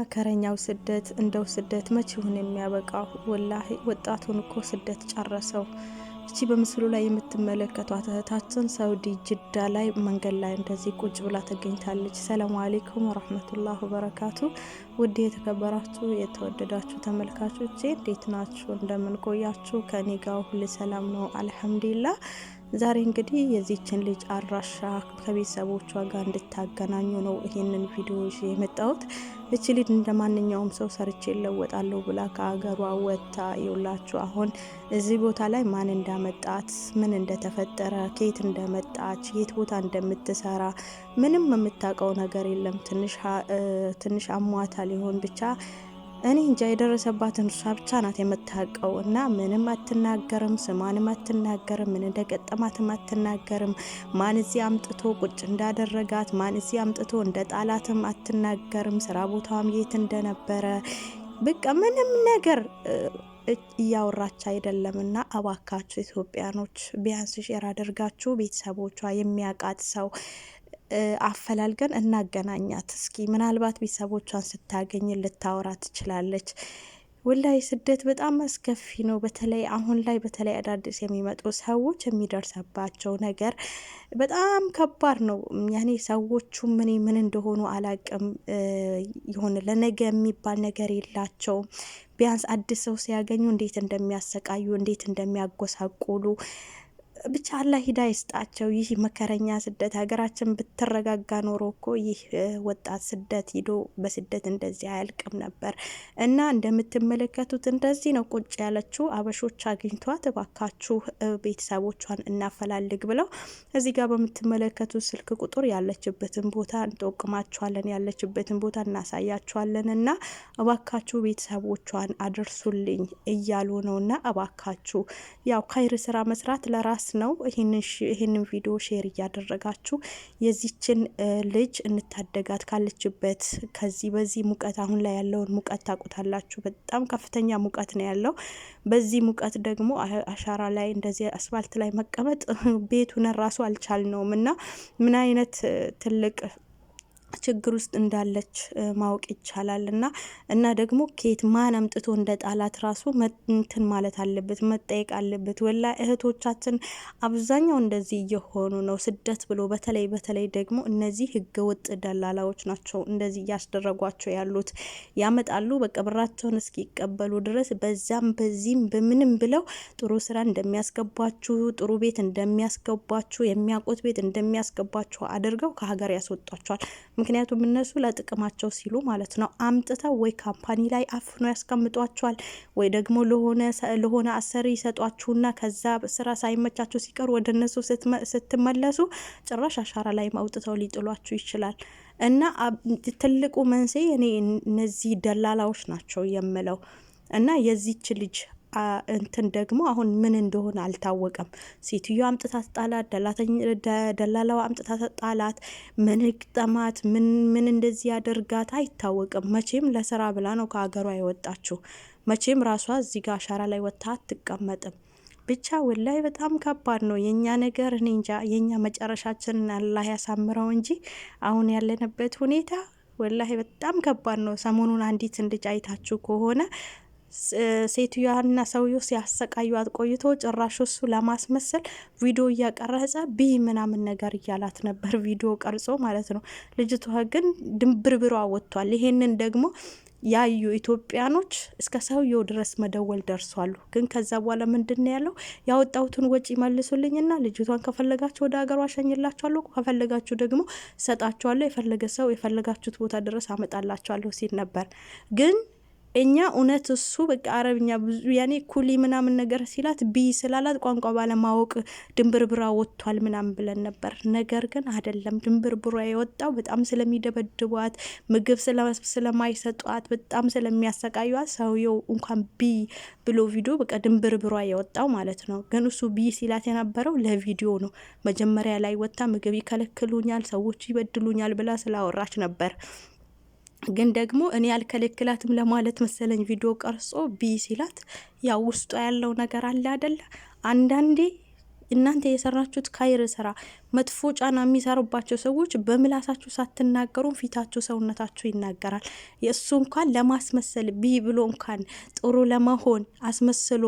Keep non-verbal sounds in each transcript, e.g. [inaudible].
መከረኛው ስደት እንደው ስደት መቼውን የሚያበቃው? ወላሂ ወጣቱን እኮ ስደት ጨረሰው። እቺ በምስሉ ላይ የምትመለከቷት እህታችን ሳውዲ ጅዳ ላይ መንገድ ላይ እንደዚህ ቁጭ ብላ ተገኝታለች። ሰላሙ አሌይኩም ወረህመቱላህ ወበረካቱ። ውድ የተከበራችሁ የተወደዳችሁ ተመልካቾቼ እንዴት ናችሁ? እንደምን ቆያችሁ? ከኔ ጋር ሁሉ ሰላም ነው አልሐምዱሊላህ። ዛሬ እንግዲህ የዚችን ልጅ አድራሻ ከቤተሰቦቿ ጋር እንድታገናኙ ነው ይህንን ቪዲዮ የመጣሁት። እች ልጅ እንደ ማንኛውም ሰው ሰርቼ ለወጣለሁ ብላ ከሀገሯ ወጥታ የውላችሁ አሁን እዚህ ቦታ ላይ ማን እንዳመጣት፣ ምን እንደተፈጠረ፣ ከየት እንደመጣች፣ የት ቦታ እንደምትሰራ ምንም የምታውቀው ነገር የለም። ትንሽ አሟታ ሊሆን ብቻ እኔ እንጃ የደረሰባትን እሷ ብቻ ናት የምታውቀው። እና ምንም አትናገርም፣ ስሟንም አትናገርም፣ ምን እንደገጠማትም አትናገርም። ማን እዚህ አምጥቶ ቁጭ እንዳደረጋት፣ ማን እዚህ አምጥቶ እንደ ጣላትም አትናገርም። ስራ ቦታዋም የት እንደነበረ በቃ ምንም ነገር እያወራች አይደለም። እና እባካችሁ ኢትዮጵያኖች ቢያንስ ሼር አድርጋችሁ ቤተሰቦቿ የሚያውቃት ሰው አፈላልገን እናገናኛት። እስኪ ምናልባት ቤተሰቦቿን ስታገኝ ልታወራ ትችላለች። ውላይ ስደት በጣም አስከፊ ነው። በተለይ አሁን ላይ በተለይ አዳዲስ የሚመጡ ሰዎች የሚደርሰባቸው ነገር በጣም ከባድ ነው። ያኔ ሰዎቹ ምን ምን እንደሆኑ አላቅም። የሆነ ለነገ የሚባል ነገር የላቸውም። ቢያንስ አዲስ ሰው ሲያገኙ እንዴት እንደሚያሰቃዩ እንዴት እንደሚያጎሳቁሉ ብቻ አላህ ሂዳ ይስጣቸው። ይህ መከረኛ ስደት ሀገራችን ብትረጋጋ ኖሮ እኮ ይህ ወጣት ስደት ሂዶ በስደት እንደዚህ አያልቅም ነበር እና እንደምትመለከቱት እንደዚህ ነው ቁጭ ያለችው። አበሾች አግኝቷት እባካችሁ ቤተሰቦቿን እናፈላልግ ብለው እዚህ ጋር በምትመለከቱት ስልክ ቁጥር ያለችበትን ቦታ እንጠቁማችኋለን፣ ያለችበትን ቦታ እናሳያችኋለን እና እባካችሁ ቤተሰቦቿን አድርሱልኝ እያሉ ነው እና እባካችሁ ያው ካይር ስራ መስራት ለራስ ነው። ይህንን ቪዲዮ ሼር እያደረጋችሁ የዚችን ልጅ እንታደጋት ካለችበት ከዚህ በዚህ ሙቀት አሁን ላይ ያለውን ሙቀት ታውቁታላችሁ። በጣም ከፍተኛ ሙቀት ነው ያለው። በዚህ ሙቀት ደግሞ አሻራ ላይ እንደዚህ አስፋልት ላይ መቀመጥ ቤቱን ራሱ አልቻል ነውም እና ምን አይነት ትልቅ ችግር ውስጥ እንዳለች ማወቅ ይቻላል። እና እና ደግሞ ኬት ማን አምጥቶ እንደ ጣላት ራሱ እንትን ማለት አለበት መጠየቅ አለበት። ወላ እህቶቻችን አብዛኛው እንደዚህ እየሆኑ ነው። ስደት ብሎ በተለይ በተለይ ደግሞ እነዚህ ህገወጥ ደላላዎች ናቸው እንደዚህ እያስደረጓቸው ያሉት። ያመጣሉ በቀብራቸውን እስኪቀበሉ ድረስ በዛም በዚህም በምንም ብለው ጥሩ ስራ እንደሚያስገባችሁ ጥሩ ቤት እንደሚያስገባችሁ የሚያውቁት ቤት እንደሚያስገባችሁ አድርገው ከሀገር ያስወጣቸዋል። ምክንያቱም እነሱ ለጥቅማቸው ሲሉ ማለት ነው አምጥተው ወይ ካምፓኒ ላይ አፍኖ ያስቀምጧቸዋል ወይ ደግሞ ለሆነ አሰሪ ይሰጧችሁና ከዛ ስራ ሳይመቻችሁ ሲቀር ወደ እነሱ ስትመለሱ ጭራሽ አሻራ ላይ አውጥተው ሊጥሏችሁ ይችላል። እና ትልቁ መንስኤ እኔ እነዚህ ደላላዎች ናቸው የምለው እና የዚች ልጅ እንትን ደግሞ አሁን ምን እንደሆነ አልታወቀም። ሴትዮ አምጥታ ጣላት፣ ደላላዋ አምጥታ ጣላት፣ ምን ህግጠማት፣ ምን እንደዚህ ያደርጋት አይታወቅም። መቼም ለስራ ብላ ነው ከሀገሯ የወጣችው። መቼም ራሷ እዚህ ጋር አሻራ ላይ ወጥታ አትቀመጥም። ብቻ ወላይ በጣም ከባድ ነው የእኛ ነገር። እኔ እንጃ የእኛ መጨረሻችንን አላህ ያሳምረው እንጂ አሁን ያለንበት ሁኔታ ወላሂ በጣም ከባድ ነው። ሰሞኑን አንዲት ልጅ አይታችሁ ከሆነ ሴትዮዋና ሰውዮ ሲያሰቃዩት ቆይቶ ጭራሽ እሱ ለማስመሰል ቪዲዮ እያቀረጸ ቢ ምናምን ነገር እያላት ነበር፣ ቪዲዮ ቀርጾ ማለት ነው። ልጅቷ ግን ድንብርብሯ ወጥቷል። ይሄንን ደግሞ ያዩ ኢትዮጵያኖች እስከ ሰውየው ድረስ መደወል ደርሷሉ። ግን ከዛ በኋላ ምንድን ያለው? ያወጣሁትን ወጪ መልሱልኝና ልጅቷን ከፈለጋችሁ ወደ ሀገሯ አሸኝላችኋለሁ፣ ከፈለጋችሁ ደግሞ ሰጣችኋለሁ፣ የፈለገ ሰው የፈለጋችሁት ቦታ ድረስ አመጣላችኋለሁ ሲል ነበር ግን እኛ እውነት እሱ በቃ አረብኛ ብዙ ያኔ ኩሊ ምናምን ነገር ሲላት ቢ ስላላት ቋንቋ ባለማወቅ ብራ ወጥቷል ምናምን ብለን ነበር። ነገር ግን አይደለም ድንብርብሯ የወጣው በጣም ስለሚደበድቧት፣ ምግብ ስለማይሰጧት፣ በጣም ስለሚያሰቃዩት ሰውየው እንኳን ቢ ብሎ ቪዲዮ በቃ ድንብርብሯ የወጣው ማለት ነው። ግን እሱ ቢ ሲላት የነበረው ለቪዲዮ ነው። መጀመሪያ ላይ ወጥታ ምግብ ይከለክሉኛል፣ ሰዎች ይበድሉኛል ብላ ስላወራች ነበር። ግን ደግሞ እኔ ያልከለክላትም ለማለት መሰለኝ ቪዲዮ ቀርጾ ቢ ሲላት ያው ውስጡ ያለው ነገር አለ አደለ። አንዳንዴ እናንተ የሰራችሁት ካይር ስራ መጥፎ ጫና የሚሰሩባቸው ሰዎች በምላሳችሁ ሳትናገሩም ፊታችሁ፣ ሰውነታችሁ ይናገራል። የእሱ እንኳን ለማስመሰል ቢ ብሎ እንኳን ጥሩ ለመሆን አስመስሎ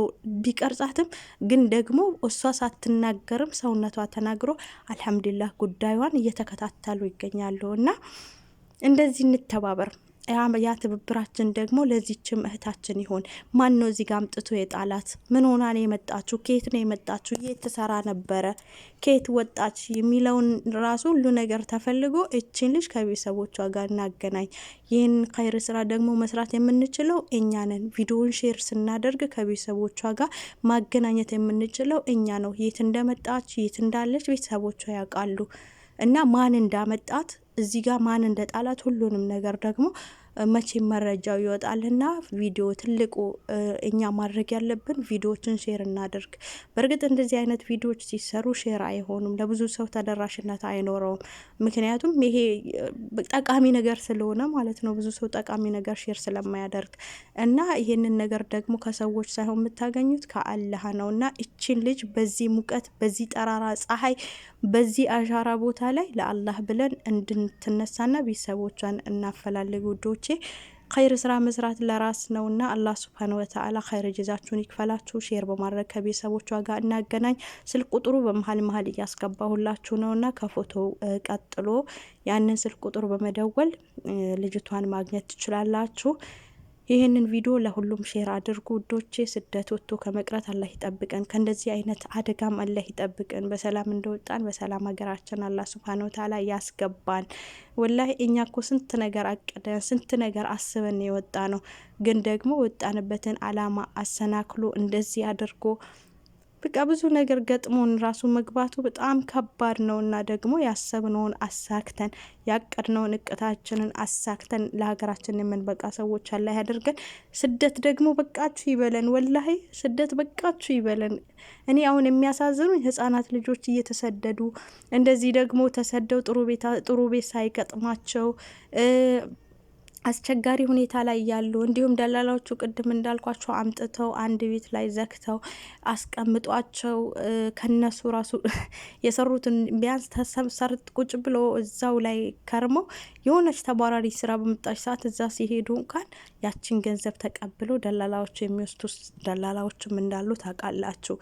ቢቀርጻትም ግን ደግሞ እሷ ሳትናገርም ሰውነቷ ተናግሮ አልሐምዱሊላህ ጉዳዩን እየተከታተሉ ይገኛሉ እና እንደዚህ እንተባበር። ያ ትብብራችን ደግሞ ለዚችም እህታችን ይሆን። ማን ነው እዚህ ጋር አምጥቶ የጣላት? ምን ሆና ነው የመጣችሁ? ከየት ነው የመጣችሁ? የት ትሰራ ነበረ? ከየት ወጣች? የሚለውን ራሱ ሁሉ ነገር ተፈልጎ እችን ልጅ ከቤተሰቦቿ ጋር እናገናኝ። ይህን ካይር ስራ ደግሞ መስራት የምንችለው እኛ ነን። ቪዲዮን ሼር ስናደርግ ከቤተሰቦቿ ጋር ማገናኘት የምንችለው እኛ ነው። የት እንደመጣች የት እንዳለች ቤተሰቦቿ ያውቃሉ። እና ማን እንዳመጣት እዚህ ጋር ማን እንደ ጣላት ሁሉንም ነገር ደግሞ መቼ መረጃው ይወጣልና ቪዲዮ ትልቁ እኛ ማድረግ ያለብን ቪዲዮዎችን ሼር እናድርግ። በእርግጥ እንደዚህ አይነት ቪዲዮዎች ሲሰሩ ሼር አይሆኑም፣ ለብዙ ሰው ተደራሽነት አይኖረውም። ምክንያቱም ይሄ ጠቃሚ ነገር ስለሆነ ማለት ነው። ብዙ ሰው ጠቃሚ ነገር ሼር ስለማያደርግ እና ይህንን ነገር ደግሞ ከሰዎች ሳይሆን የምታገኙት ከአላህ ነው እና እችን ልጅ በዚህ ሙቀት፣ በዚህ ጠራራ ፀሐይ፣ በዚህ አሻራ ቦታ ላይ ለአላህ ብለን እንድትነሳና ቤተሰቦቿን እናፈላልግ ውዶች ወገኖቼ ኸይር ስራ መስራት ለራስ ነውና አላህ ስብሃነ ወተዓላ ኸይር ጅዛችሁን ይክፈላችሁ። ሼር በማድረግ ከቤተሰቦቿ ጋር እናገናኝ። ስልክ ቁጥሩ በመሀል መሀል እያስገባሁላችሁ ነውና ከፎቶ ቀጥሎ ያንን ስልክ ቁጥር በመደወል ልጅቷን ማግኘት ትችላላችሁ። ይህንን ቪዲዮ ለሁሉም ሼር አድርጉ ውዶቼ። ስደት ወጥቶ ከመቅረት አላህ ይጠብቀን፣ ከእንደዚህ አይነት አደጋም አላህ ይጠብቀን። በሰላም እንደወጣን በሰላም ሀገራችን አላህ ስብሃነ ወተዓላ ያስገባን። ወላሂ እኛ ኮ ስንት ነገር አቅደን ስንት ነገር አስበን የወጣ ነው። ግን ደግሞ ወጣንበትን አላማ አሰናክሎ እንደዚህ አድርጎ በቃ ብዙ ነገር ገጥሞን ራሱ መግባቱ በጣም ከባድ ነው እና ደግሞ ያሰብነውን አሳክተን ያቀድነውን እቅታችንን አሳክተን ለሀገራችን የምንበቃ ሰዎች አላህ ያደርገን። ስደት ደግሞ በቃችሁ ይበለን፣ ወላሂ ስደት በቃችሁ ይበለን። እኔ አሁን የሚያሳዝኑኝ ህጻናት ልጆች እየተሰደዱ እንደዚህ ደግሞ ተሰደው ጥሩ ቤት ሳይገጥማቸው አስቸጋሪ ሁኔታ ላይ ያሉ እንዲሁም ደላላዎቹ ቅድም እንዳልኳቸው አምጥተው አንድ ቤት ላይ ዘግተው አስቀምጧቸው ከነሱ ራሱ [laughs] የሰሩትን ቢያንስ ተሰርት ቁጭ ብሎ እዛው ላይ ከርሞ የሆነች ተባራሪ ስራ በመጣች ሰዓት እዛ ሲሄዱ እንኳን ያችን ገንዘብ ተቀብሎ ደላላዎቹ የሚወስዱ ደላላዎችም እንዳሉ ታውቃላችሁ።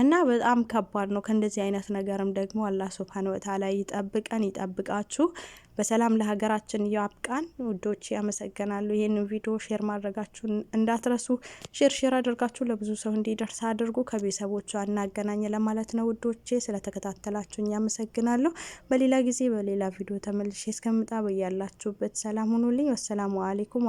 እና በጣም ከባድ ነው። ከእንደዚህ አይነት ነገርም ደግሞ አላህ ሱብሃነ ወተዓላ ይጠብቀን፣ ይጠብቃችሁ። በሰላም ለሀገራችን ያብቃን። ውዶች ያመሰግናሉ። ይህንን ቪዲዮ ሼር ማድረጋችሁን እንዳትረሱ። ሼር ሼር አድርጋችሁ ለብዙ ሰው እንዲደርስ አድርጉ። ከቤተሰቦቹ አናገናኝ ለማለት ነው። ውዶቼ ስለተከታተላችሁኝ ያመሰግናለሁ። በሌላ ጊዜ በሌላ ቪዲዮ ተመልሼ እስከምጣ በያላችሁበት ሰላም ሁኑልኝ። ወሰላሙ አሌይኩም